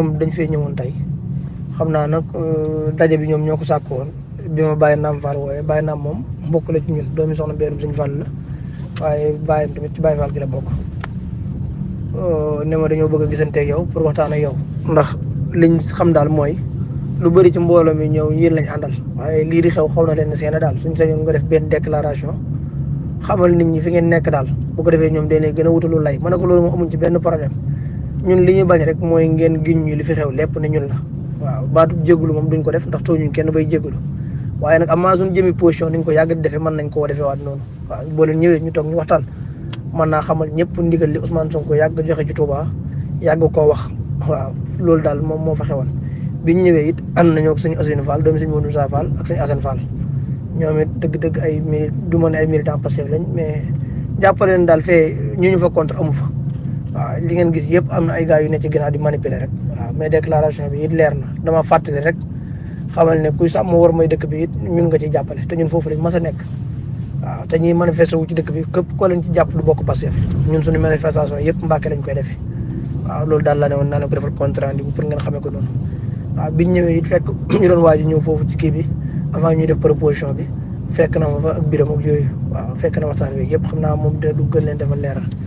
ñoom dañ fee ñëwoon tey xam naa nag euh, daje bi ñoom ñoo ko sàkk woon bi ma bàyyi naam Fall wooye bàyyi naam moom mbokk la ci ñun doomi soxna mbeerum suñu Fall la waaye bàyyam tamit ci Baye Fall gi la bokk euh, ne ma dañoo bëgg a yow pour waxtaan ak yow ndax liñ xam daal mooy lu bëri ci mbooloo mi ñëw yéen lañ àndal waaye lii di xew xaw na leen seen daal suñ sañoon nga def benn déclaration xamal ni ñi fi ngeen nekk daal bu ko defee ñoom dañ lay gën a wutalu lay ma ne ko loolu moom muñ ci benn problème ñun li ñu bañ rek mooy ngeen giñ ñu li fi xew lépp ne ñun la waaw baatu jégalu moom duñ ko def ndax ñu kenn bay jégalu waaye nag amaa suñ jëmi position ni ñu ko yàgg di defee mën na koo defee waat noonu waaw boo ñëwee ñu toog ñu waxtaan mën naa xamal ñëpp ndigal li Ousmane ko yàgg joxe ci Touba yàgg ko wax waaw loolu daal moom moo fa xewoon biñ ñëwee it ànd nañoo ak sëñ Ousseynou Fall doomi sëñ Modou Sa Fall ak sëñ Assane Fall ñoom it dëgg-dëgg ay mili du ma ne ay militant passif lañ mais jàppaleen daal fe ñu ñu fa amu fa waaw li ngeen gis yëpp am na ay gars yu ne ci ginnaaw di manipuler rek waaw mais déclaration bi it leer na dama fàttali rek xamal ne kuy sàmm war mooy dëkk bi ñun nga ci jàppale te ñun foofu lañ mas a nekk waaw te ñuy wu ci dëkk bi képp ko leen ci jàpp du bokk Pastef ñun suñu yëpp Mbàkke lañ koy defee waaw loolu daal la ne woon naa leen ko defal contrat bi pour ngeen xamee ko noonu waaw biñ ñëwee it fekk ñu doon waaj ñëw foofu ci kii bi avant ñu def proposition bi fekk na ma ak biram ak yooyu waaw fekk na waxtaan bi yëpp xam naa moom dina du gën leen defal leeral